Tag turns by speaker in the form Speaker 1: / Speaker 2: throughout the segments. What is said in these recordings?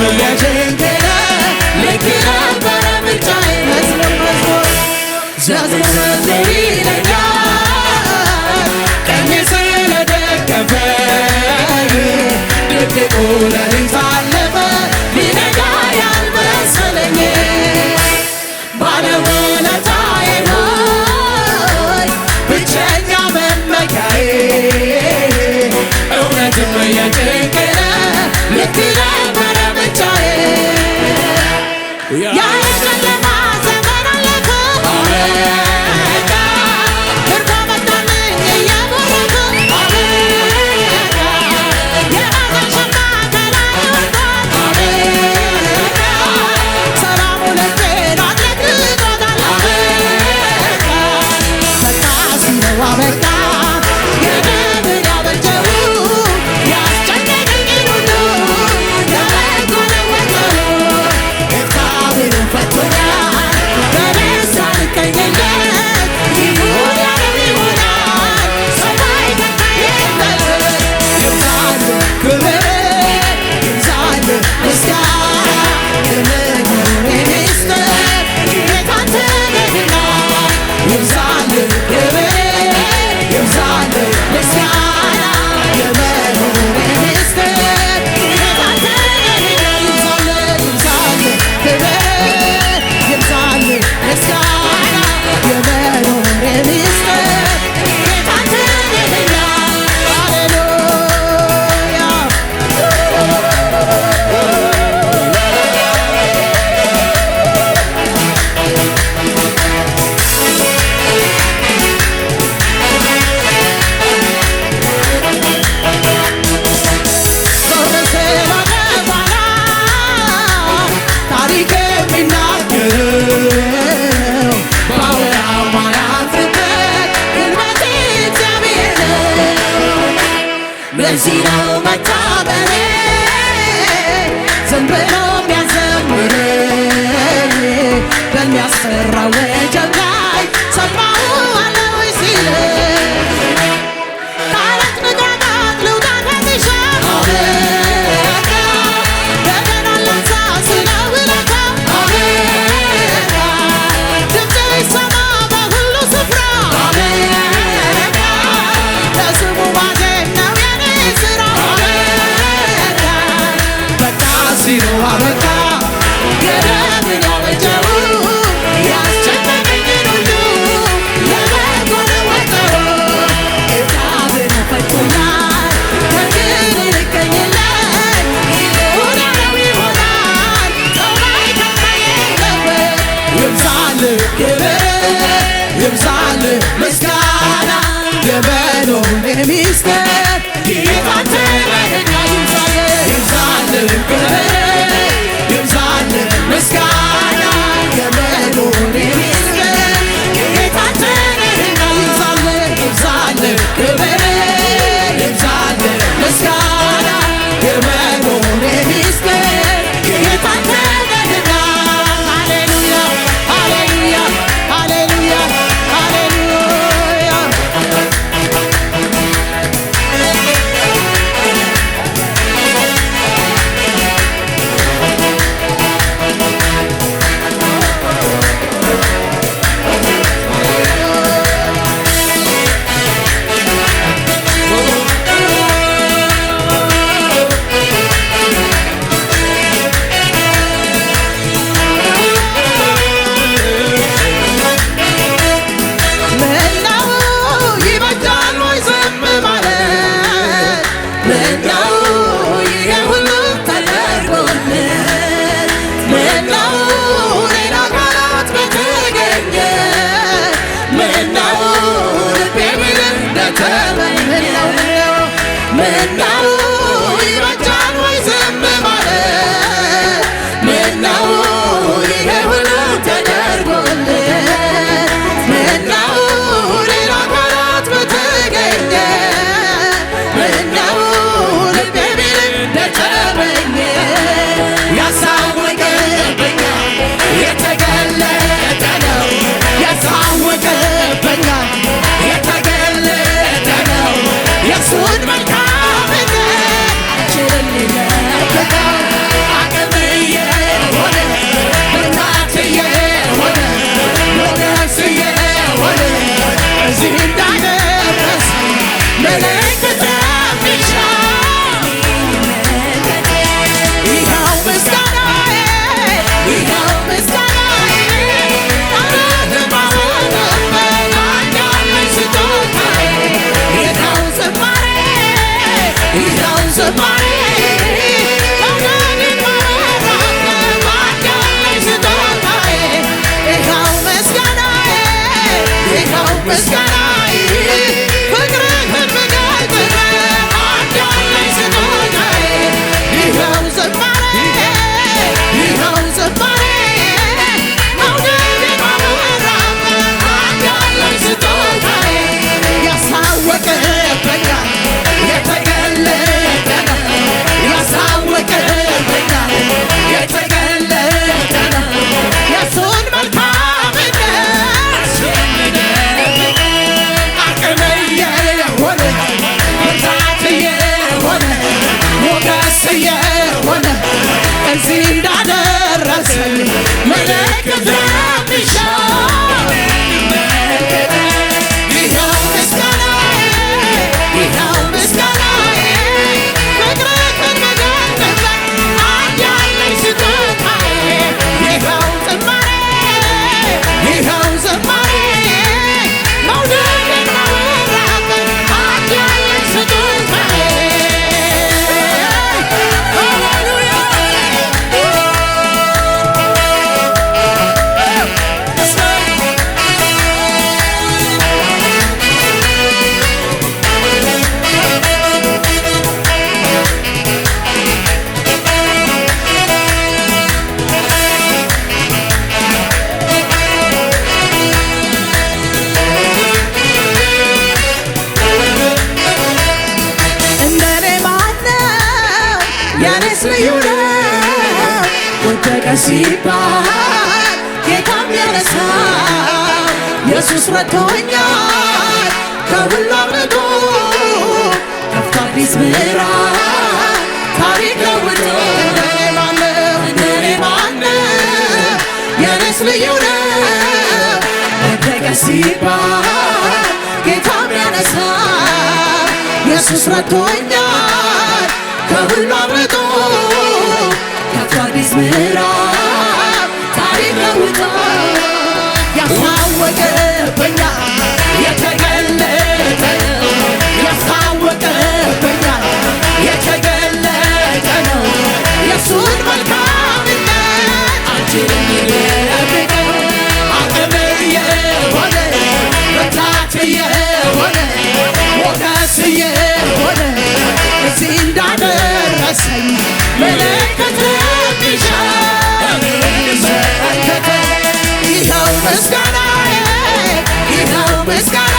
Speaker 1: the legend. ይብዛል ምስጋና የበሎኔ ሚስቴ ኢየሱስ ልዩ ነው። ወደቀ ሲባል ጌታም ያነሳ ኢየሱስ ረድቶኛል ከሁሉ ከፍቶ አዲስ ምዕራፍ ታሪክ ለውጦ ልዩ ወደቀ ሲባል ጌታም ያነሳ ኢየሱስ ረድቶኛል ከሁሉ አዲስ ምዕራፍ ታሪክ ለውጦ ያሳወቀ በኛ የተገለጠ ያሳወቀ በኛ የተገለጠ ነው። የሱን መልካምነት የሆነ እዚህ እንዳደረሰኝ መለከት always gonna, yeah. He's always gonna.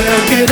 Speaker 1: I'll get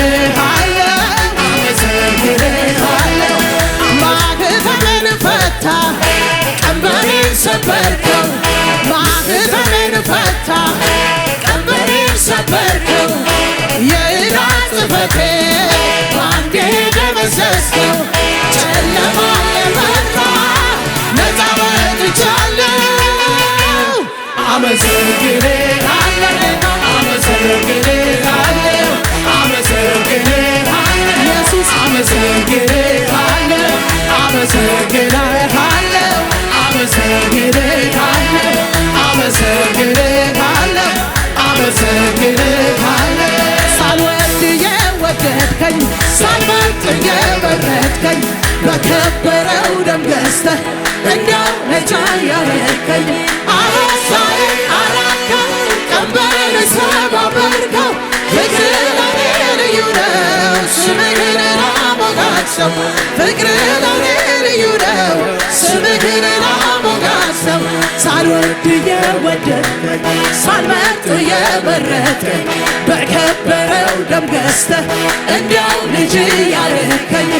Speaker 1: ላሞጋሰው ፍቅርህ ለኔ ልዩ ነው ስምህን ላሞጋሰው ሳልወድ የወደድከኝ ሳልመርጥ የመረጥከኝ በከበረው ደም ገዝተህ እንዲያው ልጅ ያልከኝ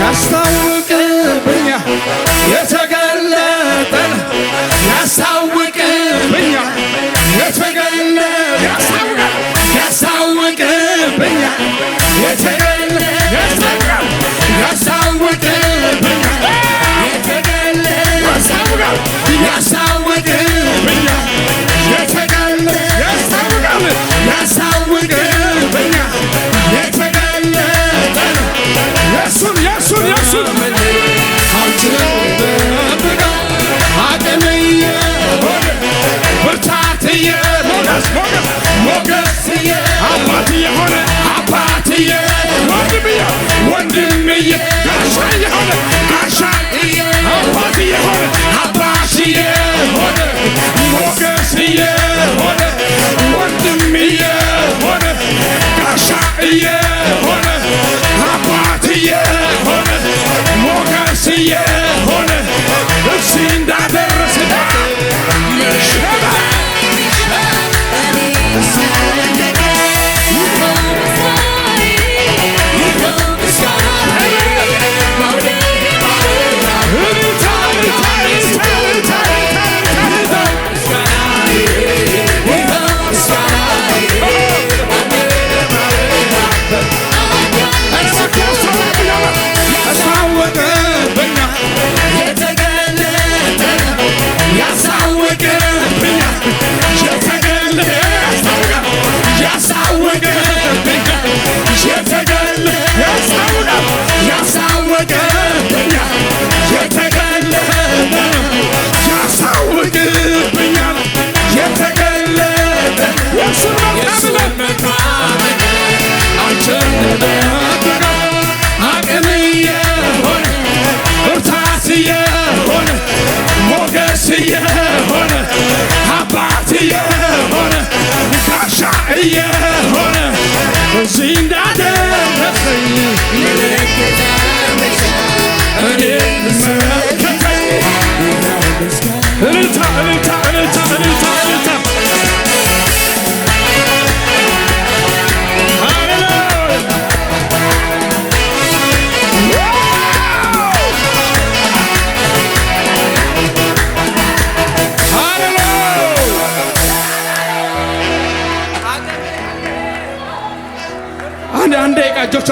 Speaker 1: ያስታውቅብኛል የተገለጠ ያስታውቅብኛል የተገለጠ ያስታውቅብኛል Yeah.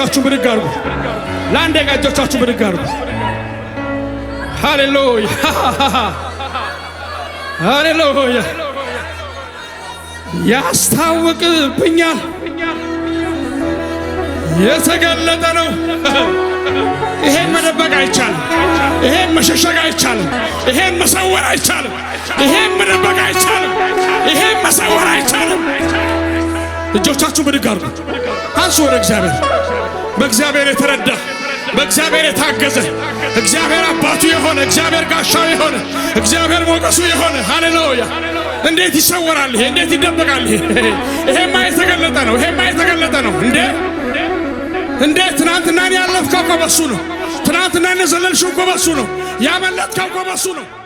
Speaker 1: እጆቻችሁ ብድግ አርጉ። ለአንድ ደቂቃ እጆቻችሁ ብድግ አርጉ። ሃሌሉያ ሃሌሉያ። ያስታውቅብኛል፣ የተገለጠ ነው። ይሄን መደበቅ አይቻልም። ይሄን መሸሸግ አይቻልም። ይሄን መሰወር አይቻልም። ይሄን መደበቅ አይቻልም። ይሄን መሰወር አይቻልም። እጆቻችሁ ብድግ አድርጉ፣ አንሱ ወደ እግዚአብሔር። በእግዚአብሔር የተረዳ በእግዚአብሔር የታገዘ እግዚአብሔር አባቱ የሆነ እግዚአብሔር ጋሻው የሆነ እግዚአብሔር ሞገሱ የሆነ ሃሌሉያ! እንዴት ይሰወራል ይሄ? እንዴት ይደበቃል ይሄ? ይሄማ የተገለጠ ነው። ይሄማ የተገለጠ ነው። እንዴ እንዴ! ትናንትና ያለፍከው እኮ በሱ ነው። ትናንትና የዘለልሽው እኮ በሱ ነው። ያመለጥከው እኮ በሱ ነው።